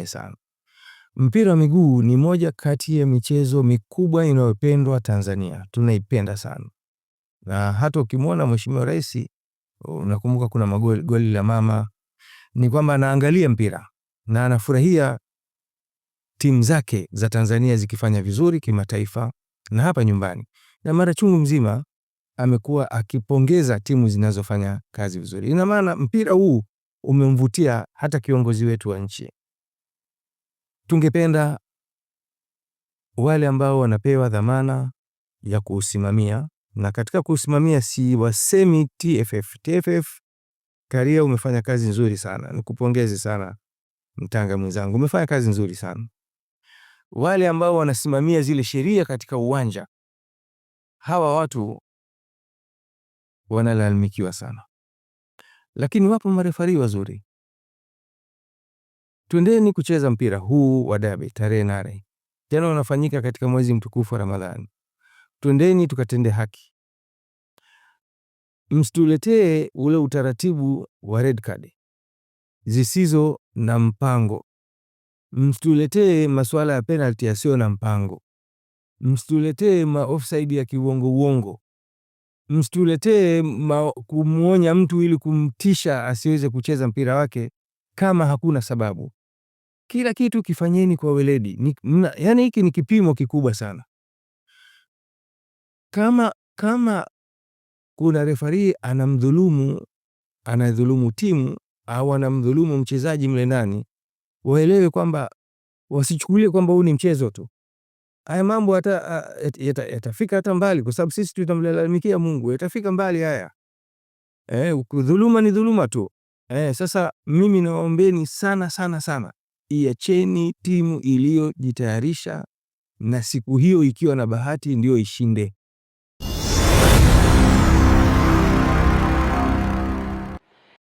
pekee sana. Mpira wa miguu ni moja kati ya michezo mikubwa inayopendwa Tanzania, tunaipenda sana, na hata ukimwona Mheshimiwa Rais, unakumbuka kuna magoli, goli la mama, ni kwamba anaangalia mpira na anafurahia timu zake za Tanzania zikifanya vizuri kimataifa na hapa nyumbani, na mara chungu mzima amekuwa akipongeza timu zinazofanya kazi vizuri. Ina maana mpira huu umemvutia hata kiongozi wetu wa nchi. Tungependa wale ambao wanapewa dhamana ya kuusimamia na katika kuusimamia si wasemi TFF. TFF Karia, umefanya kazi nzuri sana, nikupongeze sana mtanga mwenzangu, umefanya kazi nzuri sana. Wale ambao wanasimamia zile sheria katika uwanja, hawa watu wanalalamikiwa sana, lakini wapo marefari wazuri Twendeni kucheza mpira huu wa dabi tarehe nane, Tena unafanyika katika mwezi mtukufu wa Ramadhani. Twendeni tukatende haki, msituletee ule utaratibu wa red card zisizo na mpango, msituletee masuala ya penalty yasiyo na mpango, msituletee ma offside ya kiuongo uongo, msituletee kumwonya mtu ili kumtisha asiweze kucheza mpira wake kama hakuna sababu. Kila kitu kifanyeni kwa weledi. Ni, mna, yani hiki ni kipimo kikubwa sana. Kama kama kuna refarii anamdhulumu, anadhulumu timu au anamdhulumu mchezaji mle ndani, waelewe kwamba wasichukulie kwamba huu ni mchezo tu. Haya mambo hata yatafika hata mbali kwa sababu sisi tutamlalamikia Mungu, yatafika mbali haya. Eh, dhuluma ni dhuluma tu. Eh, sasa mimi nawaombeni sana sana sana iacheni timu iliyojitayarisha na siku hiyo ikiwa na bahati ndiyo ishinde.